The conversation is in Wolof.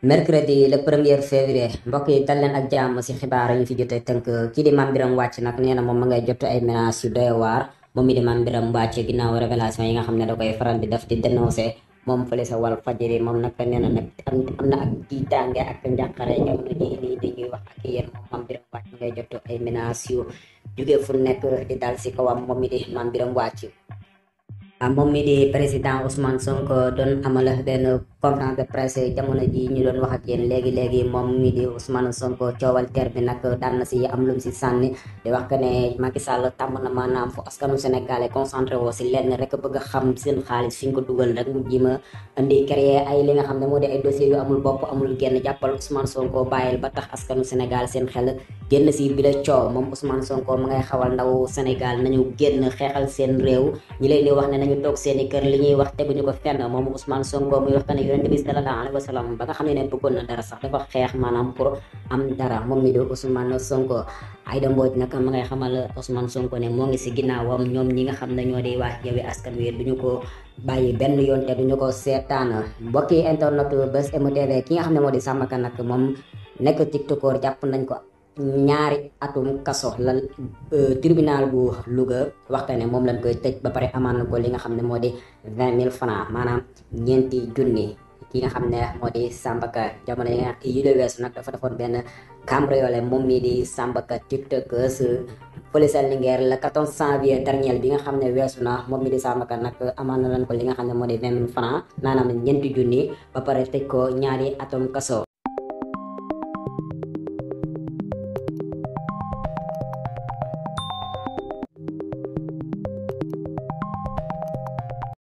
mercredi le premier février mbokk yi dal leen ak jàmm si xibaar yi ñu fi jotee tënk kii di Mame Birame Wathie nag nee na moom ma ngay jot ay menaces yu doy waar moom mi di Mame Birame Wathie yi nga xam ne da koy faral di def di dénoncer moom fële sa wal fajiri moom nag nee na nag am na ak jiitaange ak njàqare jamono ji dañuy wax ak yéen moom Mame Birame Wathie ngay jot ay menaces yu jugee fu nekk di dal si kawam moom mi di Mame Birame Wathie moom mi di président Ousmane Sonko doon amal benn conférence de jamono ji ñu doon wax ak yéen léegi léegi moom mi di Ousmane Sonko coowal TER bi nag daan na si am lum si sànni di wax que ne Macky Sall tàmm na maanaam fu askanu Sénégalais concentré woo si lenn rek bëgg xam seen xaalis fi ñu ko dugal rek mu ma indi créer ay li nga xam ne moo di ay dossiers yu amul bopp amul génn jàppal Ousmane Sonko bàyyil ba tax askanu Sénégal seen xel génn si bi la coow moom Ousmane Sonko ma ngay xawal ndaw Sénégal nañu génn xeexal seen réew ñu toog seeni kër li ñuy wax teguñu ko fenn moom Ousmane Sonko muy waxtaan yonent bi sallallahu alayhi wa ba nga xam ne ne bëggoon na dara sax dafa xeex maanaam pour am dara moom mi di Ousmane Sonko Aïda Mbodj nag ma ngay xamal Ousmane Sonko ne moo ngi si ginnaawam ñoom ñi nga xam ne ñoo day wax Yewwi Askan Wi duñu ko bàyyi benn yoon te duñu ko seetaan mbokki internet Buzz M TV ki nga xam ne moo di Samba Kane nag moom nekk tiktoker jàpp nañ ko ñaari atum kaso la euh, tribunal bu Louga waxtaane moom lañ koy tëj ba pare amaan na ko li nga xam ne moo di vingt mille francs maanaam ñeenti junni ki nga xam ne moo di Samba Ka jamono yi la weesu nag dafa defoon benn cambriolé moom mii di Samba Ka tiktokers police Linguère le 14 janvier dernier bi nga xam ne weesu na moom mi di Samba Ka nag amaan na leen ko li nga xam ne moo di vingt mille francs maanaam ñeenti junni ba pare tëj ko ñaari atum kaso